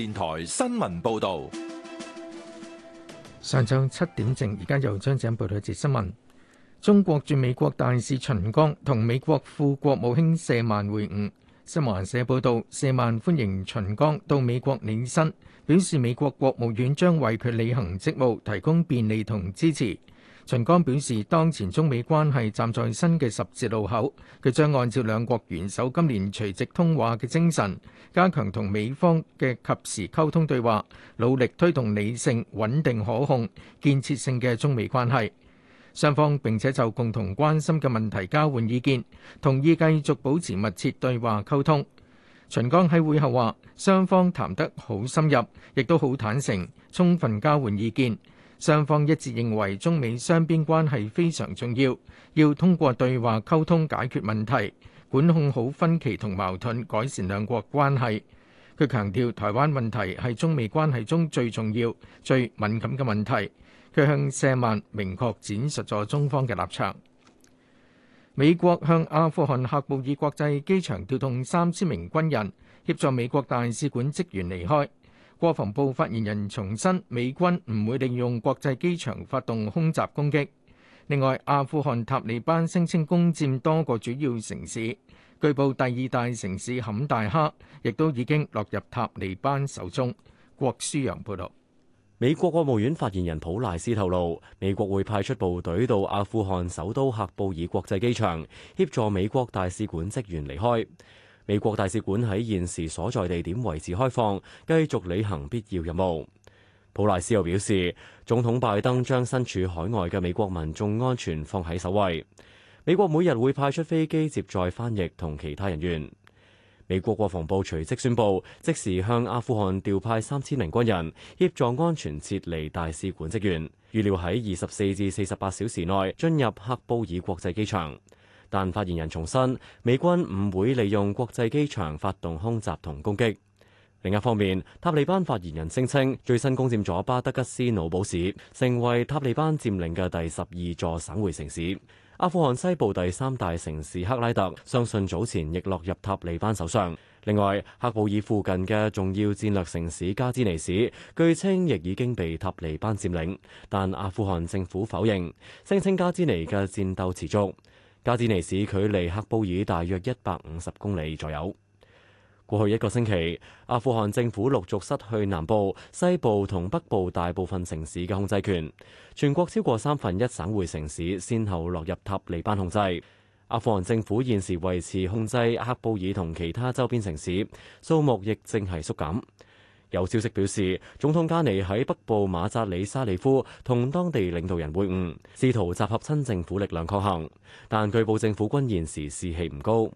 電台新聞報道：上晝七點正，而家由張展報道一節新聞。中國駐美國大使秦剛同美國副國務卿謝曼會晤。新華社報道，謝曼歡迎秦剛到美國履新，表示美國國務院將為佢履行職務提供便利同支持。秦剛表示，當前中美關係站在新嘅十字路口，佢將按照兩國元首今年隨即通話嘅精神，加強同美方嘅及時溝通對話，努力推動理性、穩定、可控、建設性嘅中美關係。雙方並且就共同關心嘅問題交換意見，同意繼續保持密切對話溝通。秦剛喺會後話：雙方談得好深入，亦都好坦誠，充分交換意見。雙方一致認為中美雙邊關係非常重要，要通過對話溝通解決問題，管控好分歧同矛盾，改善兩國關係。佢強調台灣問題係中美關係中最重要、最敏感嘅問題。佢向謝曼明確展示咗中方嘅立場。美國向阿富汗喀布爾國際機場調動三千名軍人，協助美國大使館職員離開。國防部發言人重申，美軍唔會利用國際機場發動空襲攻擊。另外，阿富汗塔利班聲稱攻佔多個主要城市，據報第二大城市坎大哈亦都已經落入塔利班手中。郭書陽報導，美國國務院發言人普萊斯透露，美國會派出部隊到阿富汗首都喀布爾國際機場協助美國大使館職員離開。美國大使館喺現時所在地點維持開放，繼續履行必要任務。普萊斯又表示，總統拜登將身處海外嘅美國民眾安全放喺首位。美國每日會派出飛機接載翻譯同其他人員。美國國防部隨即宣布，即時向阿富汗調派三千名軍人協助安全撤離大使館職員，預料喺二十四至四十八小時內進入喀布爾國際機場。但發言人重申，美軍唔會利用國際機場發動空襲同攻擊。另一方面，塔利班發言人聲稱，最新攻佔咗巴德吉斯努堡市，成為塔利班佔領嘅第十二座省會城市。阿富汗西部第三大城市克拉特，相信早前亦落入塔利班手上。另外，克布爾附近嘅重要戰略城市加茲尼市，據稱亦已經被塔利班佔領，但阿富汗政府否認，聲稱加茲尼嘅戰鬥持續。加茲尼市距離喀布爾大約一百五十公里左右。過去一個星期，阿富汗政府陸續失去南部、西部同北部大部分城市嘅控制權，全國超過三分一省會城市先後落入塔利班控制。阿富汗政府現時維持控制喀布爾同其他周邊城市，數目亦正係縮減。有消息表示，總統加尼喺北部馬扎里沙里夫同當地領導人會晤，試圖集合親政府力量抗衡。但據報政府軍現時士氣唔高。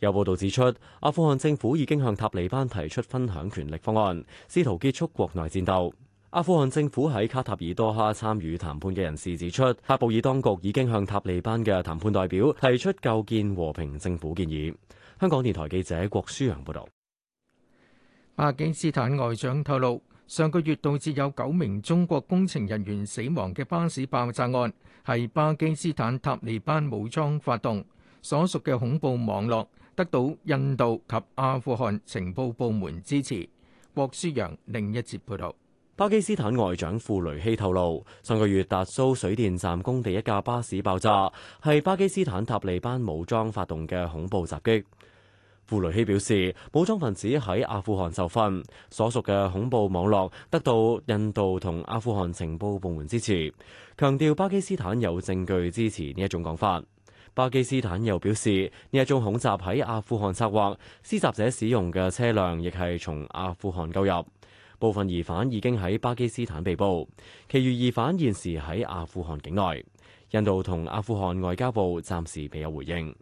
有報導指出，阿富汗政府已經向塔利班提出分享權力方案，試圖結束國內戰鬥。阿富汗政府喺卡塔爾多哈參與談判嘅人士指出，喀布爾當局已經向塔利班嘅談判代表提出構建和平政府建議。香港電台記者郭舒揚報道。巴基斯坦外長透露，上個月導致有九名中國工程人員死亡嘅巴士爆炸案，係巴基斯坦塔利班武裝發動，所屬嘅恐怖網絡得到印度及阿富汗情報部門支持。郭舒揚另一節報道。巴基斯坦外長庫雷希透露，上個月達蘇水電站工地一架巴士爆炸，係巴基斯坦塔利班武裝發動嘅恐怖襲擊。傅雷希表示，武裝分子喺阿富汗受訓，所屬嘅恐怖網絡得到印度同阿富汗情報部門支持。強調巴基斯坦有證據支持呢一種講法。巴基斯坦又表示，呢一種恐襲喺阿富汗策劃，施襲者使用嘅車輛亦係從阿富汗購入。部分疑犯已經喺巴基斯坦被捕，其餘疑犯現時喺阿富汗境內，印度同阿富汗外交部暫時未有回應。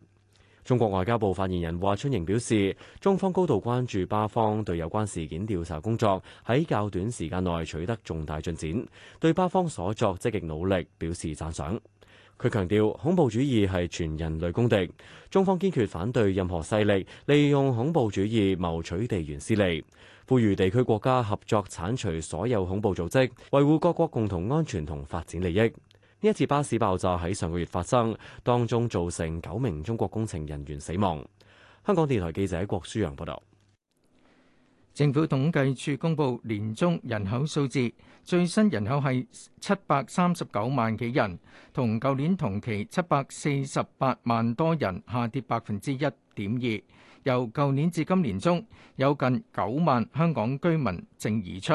中國外交部發言人華春瑩表示，中方高度關注巴方對有關事件調查工作喺較短時間內取得重大進展，對巴方所作積極努力表示讚賞。佢強調，恐怖主義係全人類公敵，中方堅決反對任何勢力利用恐怖主義謀取地緣私利，呼籲地區國家合作鏟除所有恐怖組織，維護各國共同安全同發展利益。一次巴士爆炸喺上個月發生，當中造成九名中國工程人員死亡。香港電台記者郭舒陽報道。政府統計處公布年中人口數字，最新人口係七百三十九萬幾人，同舊年同期七百四十八萬多人下跌百分之一點二。由舊年至今年中，有近九萬香港居民正移出。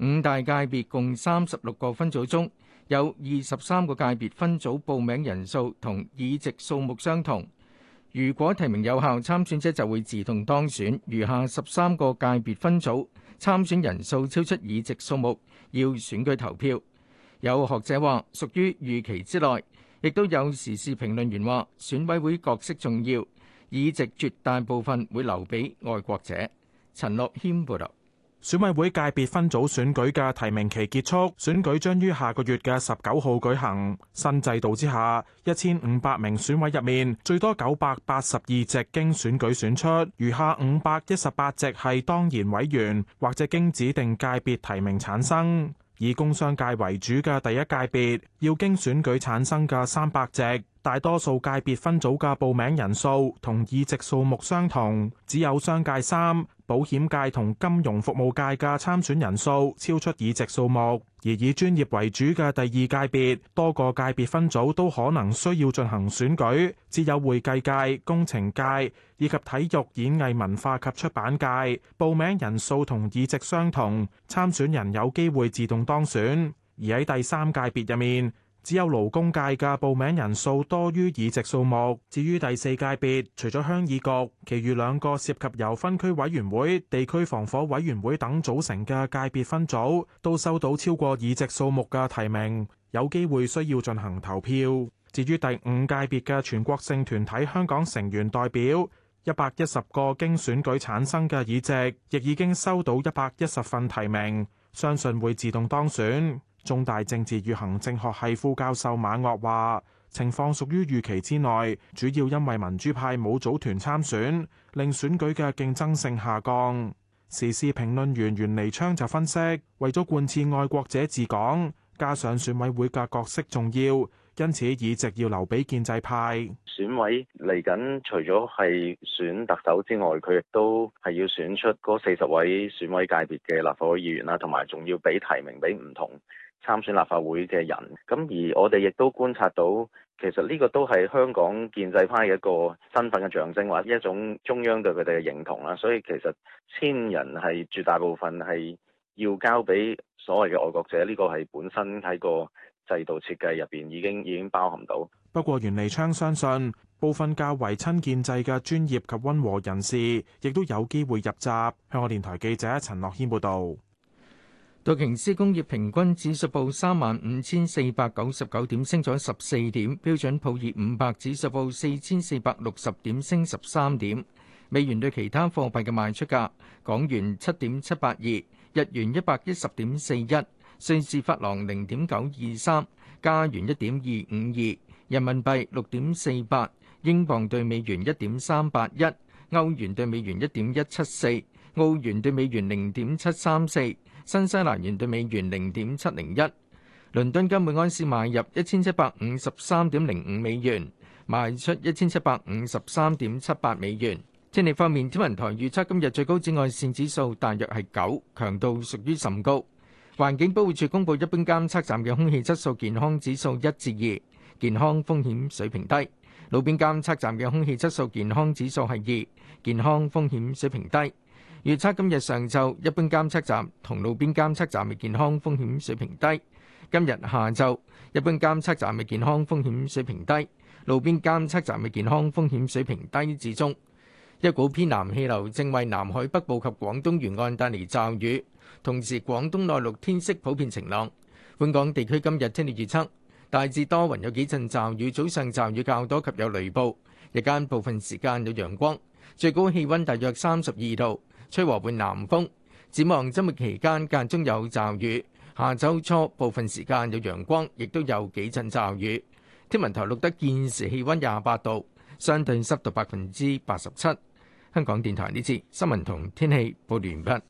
五大界別共三十六個分組中，有二十三個界別分組報名人數同議席數目相同。如果提名有效，參選者就會自動當選。餘下十三個界別分組參選人數超出議席數目，要選舉投票。有學者話屬於預期之內，亦都有時事評論員話選委會角色重要，議席絕大部分會留俾愛國者。陳樂軒報導。選委會界別分組選舉嘅提名期結束，選舉將於下個月嘅十九號舉行。新制度之下，一千五百名選委入面，最多九百八十二席經選舉選出，餘下五百一十八席係當然委員或者經指定界別提名產生。以工商界為主嘅第一界別，要經選舉產生嘅三百席。大多數界別分組嘅報名人數同議席數目相同，只有商界三、保險界同金融服務界嘅參選人數超出議席數目。而以專業為主嘅第二界別，多個界別分組都可能需要進行選舉，只有會計界、工程界以及體育、演藝、文化及出版界報名人數同議席相同，參選人有機會自動當選。而喺第三界別入面，只有勞工界嘅報名人數多於議席數目。至於第四界別，除咗鄉議局，其餘兩個涉及由分區委員會、地區防火委員會等組成嘅界別分組，都收到超過議席數目嘅提名，有機會需要進行投票。至於第五界別嘅全國性團體香港成員代表，一百一十個經選舉產生嘅議席，亦已經收到一百一十份提名，相信會自動當選。中大政治與行政學系副教授馬岳話情況屬於預期之內，主要因為民主派冇組團參選令選舉嘅競爭性下降。時事評論員袁彌昌就分析，為咗貫徹愛國者治港，加上選委會嘅角色重要。因此，議席要留俾建制派。選委嚟緊，除咗係選特首之外，佢亦都係要選出嗰四十位選委界別嘅立法會議員啦，同埋仲要俾提名俾唔同參選立法會嘅人。咁而我哋亦都觀察到，其實呢個都係香港建制派嘅一個身份嘅象徵或者一種中央對佢哋嘅認同啦。所以其實千人係絕大部分係。要交俾所謂嘅愛國者，呢個係本身喺個制度設計入邊已經已經包含到。不過，袁利昌相信部分較為親建制嘅專業及溫和人士亦都有機會入閘。香港電台記者陳樂謙報道。道瓊斯工業平均指數報三萬五千四百九十九點，升咗十四點；標準普爾五百指數報四千四百六十點，升十三點。美元對其他貨幣嘅賣出價，港元七點七八二。日元一百一十點四一，瑞士法郎零點九二三，加元一點二五二，人民幣六點四八，英鎊對美元一點三八一，歐元對美元一點一七四，澳元對美元零點七三四，新西蘭元對美元零點七零一。倫敦金每安士買入一千七百五十三點零五美元，賣出一千七百五十三點七八美元。天氣方面，天文台預測今日最高紫外線指數大約係九，強度屬於甚高。環境保護署公布一般監測站嘅空氣質素健康指數一至二，健康風險水平低。路邊監測站嘅空氣質素健康指數係二，健康風險水平低。預測今日上晝一般監測站同路邊監測站嘅健康風險水平低。今日下晝一般監測站嘅健康風險水平低，路邊監測站嘅健康風險水平低至中。一股偏南氣流正為南海北部及廣東沿岸帶嚟驟雨，同時廣東內陸天色普遍晴朗。本港地區今日天氣預測大致多雲，有幾陣驟雨，早上驟雨較多及有雷暴，日間部分時間有陽光，最高氣温大約三十二度，吹和緩南風。展望周末期間間中有驟雨，下週初部分時間有陽光，亦都有幾陣驟雨。天文台錄得現時氣温廿八度，相對濕度百分之八十七。香港電台呢次新聞同天氣報道完畢。